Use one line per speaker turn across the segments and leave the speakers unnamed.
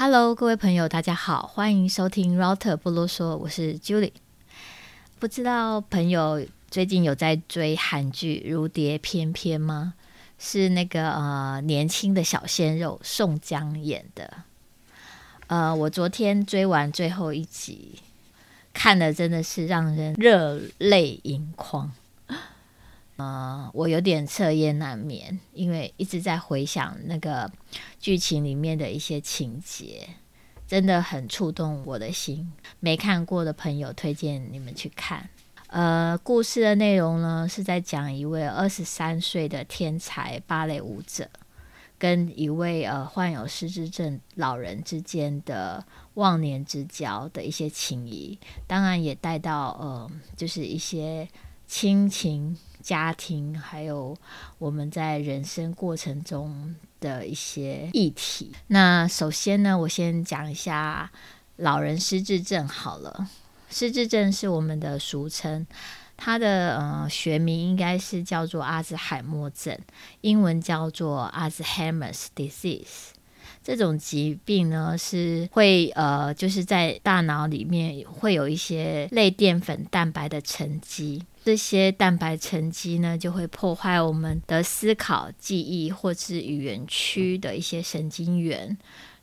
哈囉，各位朋友，大家好，歡迎收聽 Router 不囉嗦，我是 Julie。不知道朋友最近有在追韓劇《如蝶翩翩》嗎？是那個呃年輕的小鮮肉宋江演的。呃，我昨天追完最後一集，看的真的是讓人熱淚盈眶。呃，我有點徹夜難眠，因為一直在回想那個劇情裡面的一些情節，真的很觸動我的心。沒看過的朋友，推薦你們去看。呃，故事的內容呢，是在講一位二十三歲的天才芭蕾舞者跟一位呃患有失智症老人之間的忘年之交的一些情誼，當然也帶到呃，就是一些親情。家庭還有我們在人生過程中的一些議題。那首先呢，我先講一下老人失智症好了，失智症是我們的俗稱，它的呃學名應該是叫做阿茲海默症，英文叫做 Alzheimer's disease。這種疾病呢，是會呃，就是在大腦裡面會有一些類澱粉蛋白的沉積，這些蛋白沉積呢，就會破壞我們的思考、記憶或是語言區的一些神經元，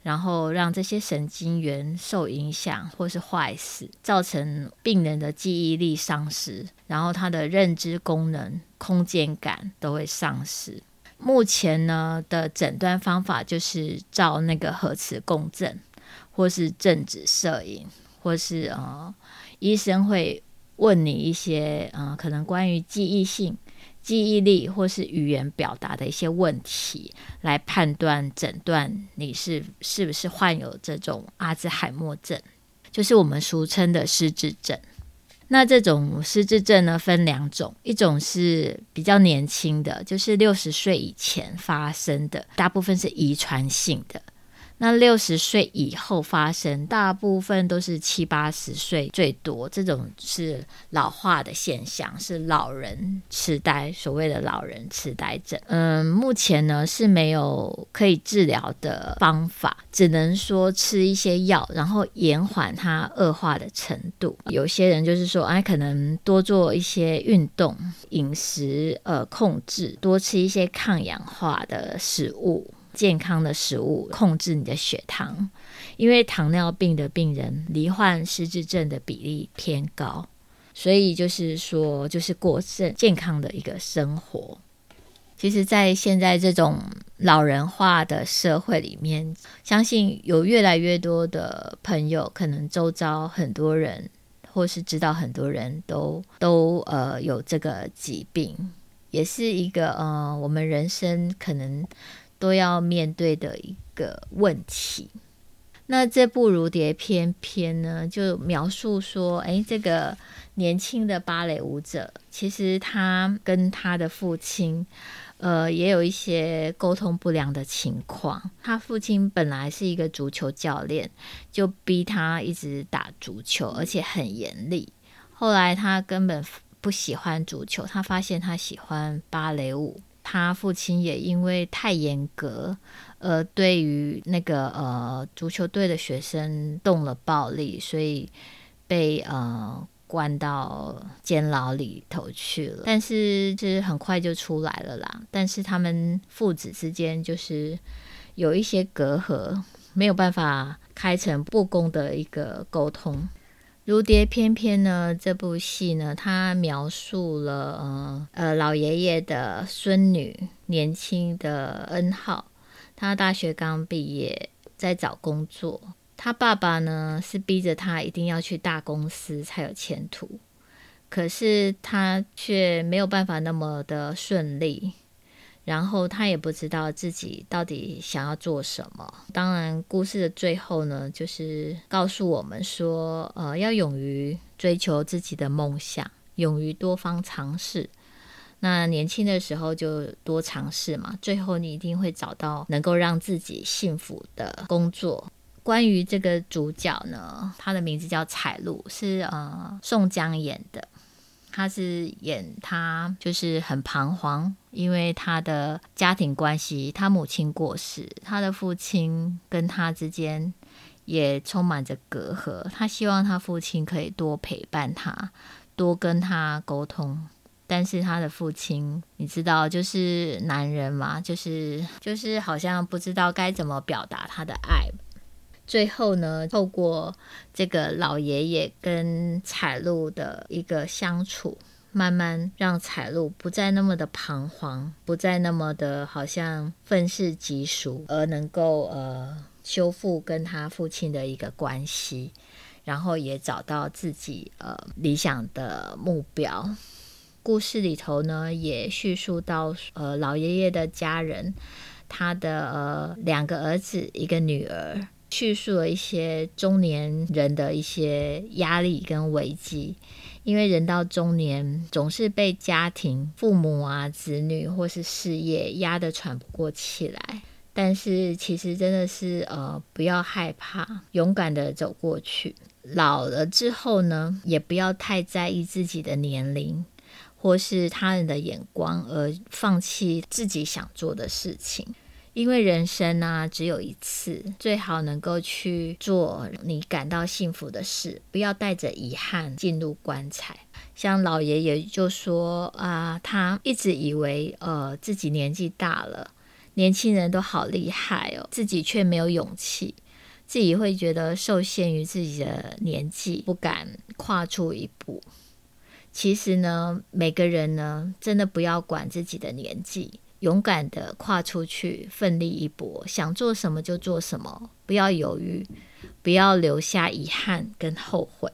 然後讓這些神經元受影響或是壞死，造成病人的記憶力喪失，然後他的認知功能、空間感都會喪失。目前呢的診斷方法就是照那個核磁共振，或是正子攝影，或是呃，醫生會問你一些嗯、呃，可能關於記憶性、記憶力或是語言表達的一些問題，來判斷診斷你是是不是患有這種阿茲海默症，就是我們俗稱的失智症。那這種失智症呢，分兩種，一種是比較年輕的，就是六十歲以前發生的，大部分是遺傳性的。那六十歲以後發生，大部分都是七八十歲最多，這種是老化的現象，是老人痴呆，所謂的老人痴呆症。嗯，目前呢，是沒有可以治療的方法，只能說吃一些藥，然後延緩它惡化的程度。有些人就是說，哎，可能多做一些運動，飲食，呃，控制，多吃一些抗氧化的食物。健康的食物，控制你的血糖，因為糖尿病的病人罹患失智症的比例偏高，所以就是說，就是過上健康的一個生活。其實，在現在這種老人化的社會裡面，相信有越來越多的朋友，可能周遭很多人，或是知道很多人都都呃有這個疾病，也是一個呃我們人生可能。都要面對的一個問題。那這部如蝶翩翩呢，就描述說，誒，這個年輕的芭蕾舞者，其實他跟他的父親，呃，也有一些溝通不良的情況。他父親本來是一個足球教練，就逼他一直打足球，而且很嚴厲。後來他根本不喜歡足球，他發現他喜歡芭蕾舞。他父親也因為太嚴格，而對於那個呃足球隊的學生動了暴力，所以被呃關到監牢裡頭去了。但是就是很快就出來了啦。但是他們父子之間就是有一些隔閡，沒有辦法開誠布公的一個溝通。《如蝶翩翩》呢，這部戲呢，它描述了呃呃，老爺爺的孫女，年輕的恩浩，他大學剛畢業，在找工作。他爸爸呢，是逼着他一定要去大公司才有前途，可是他卻沒有辦法那麼的順利。然後他也不知道自己到底想要做什麼。當然，故事的最後呢，就是告訴我們說，呃，要勇於追求自己的夢想，勇於多方嘗試。那年輕的時候就多嘗試嘛，最後你一定會找到能夠讓自己幸福的工作。關於這個主角呢，他的名字叫彩璐，是呃宋江演的。他是演他就是很彷徨，因為他的家庭關係，他母親過世，他的父親跟他之間也充滿着隔閡。他希望他父親可以多陪伴他，多跟他溝通。但是他的父親，你知道，就是男人嘛，就是就是好像不知道該怎麼表達他的愛。最後呢，透過這個老爺爺跟彩璐的一個相處，慢慢讓彩璐不再那麼的彷徨，不再那麼的好像憤世嫉俗，而能夠呃修復跟他父親的一個關係，然後也找到自己呃理想的目標。故事裡頭呢，也敘述到呃老爺爺的家人，他的呃兩個兒子，一個女兒。敘述了一些中年人的一些壓力跟危機，因為人到中年總是被家庭、父母啊、子女或是事業壓得喘不過氣來。但是其實真的是呃，不要害怕，勇敢地走過去。老了之後呢，也不要太在意自己的年齡或是他人的眼光，而放棄自己想做的事情。因為人生呢，只有一次，最好能夠去做你感到幸福的事，不要帶着遺憾進入棺材。像老爺爺就說啊，他一直以為呃，自己年紀大了，年輕人都好厲害哦，自己卻沒有勇氣，自己會覺得受限於自己的年紀，不敢跨出一步。其實呢，每個人呢，真的不要管自己的年紀。勇敢的跨出去，奮力一搏，想做什麼就做什麼，不要猶豫，不要留下遺憾跟後悔。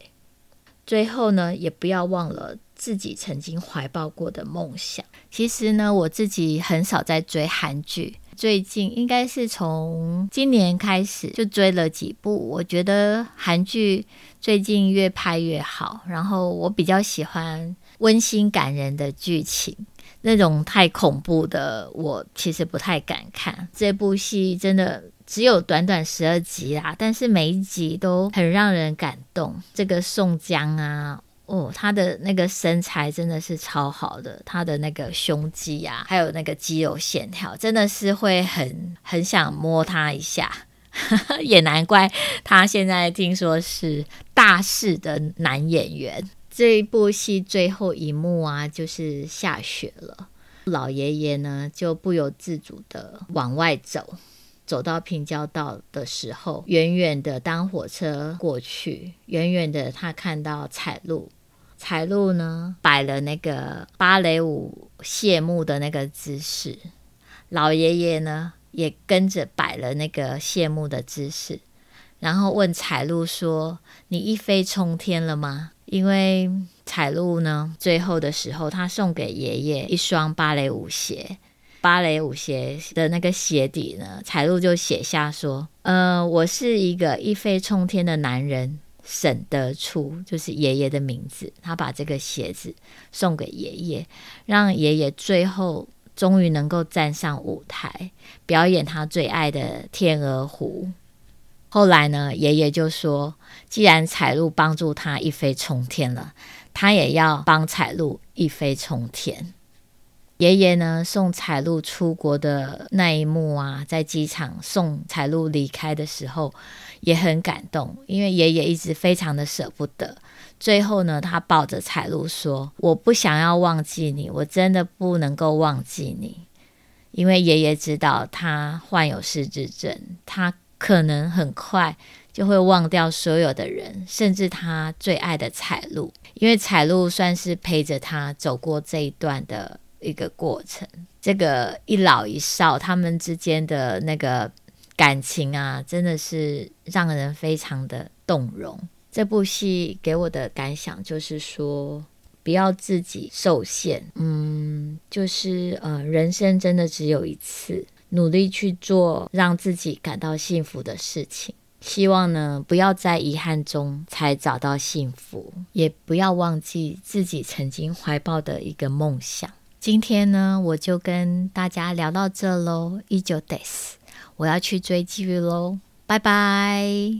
最後呢，也不要忘了自己曾經懷抱過的夢想。其實呢，我自己很少在追韓劇，最近應該是從今年開始就追了幾部。我覺得韓劇最近越拍越好，然後我比較喜歡溫馨感人的劇情，那種太恐怖的，我其實不太敢看。這部戲真的只有短短十二集啦，啊，但是每一集都很讓人感動。這個宋江啊，哦，他的那個身材真的是超好的，他的那個胸肌呀，啊，還有那個肌肉線條，真的是會很很想摸他一下。 也難怪他現在聽說是大勢的男演員。這一部戲最後一幕啊，就是下雪了。老爺爺呢，就不由自主地往外走。走到平交道的時候，遠遠的當火車過去，遠遠的他看到彩路，彩路呢擺了那個芭蕾舞謝幕的那個姿勢。老爺爺呢也跟着擺了那個謝幕的姿勢。然後問彩璐說：“你一飛沖天了嗎？”因為彩璐呢，最後的時候，他送給爺爺一雙芭蕾舞鞋。芭蕾舞鞋的那個鞋底呢，彩璐就寫下說：“呃，我是一個一飛沖天的男人。”沈德出就是爺爺的名字。他把這個鞋子送給爺爺，讓爺爺最後終於能夠站上舞台，表演他最愛的《天鵝湖》。後來呢，爺爺就說：“既然彩璐幫助他一飛衝天了，他也要幫彩璐一飛衝天。”爺爺呢，送彩璐出國的那一幕啊，在機場送彩璐離開的時候，也很感動，因為爺爺一直非常的捨不得。最後呢，他抱着彩璐說：“我不想要忘記你，我真的不能夠忘記你，因為爺爺知道他患有失智症，他。”可能很快就會忘掉所有的人，甚至他最愛的彩露，因為彩露算是陪着他走過這一段的一個過程。這個一老一少，他們之間的那個感情啊，真的是讓人非常的動容。這部戲給我的感想就是說，不要自己受限，嗯，就是呃，人生真的只有一次。努力去做讓自己感到幸福的事情，希望呢，不要在遺憾中才找到幸福，也不要忘記自己曾經懷抱的一個夢想。今天呢，我就跟大家聊到這嘍，一九 days，我要去追劇嘍，拜拜。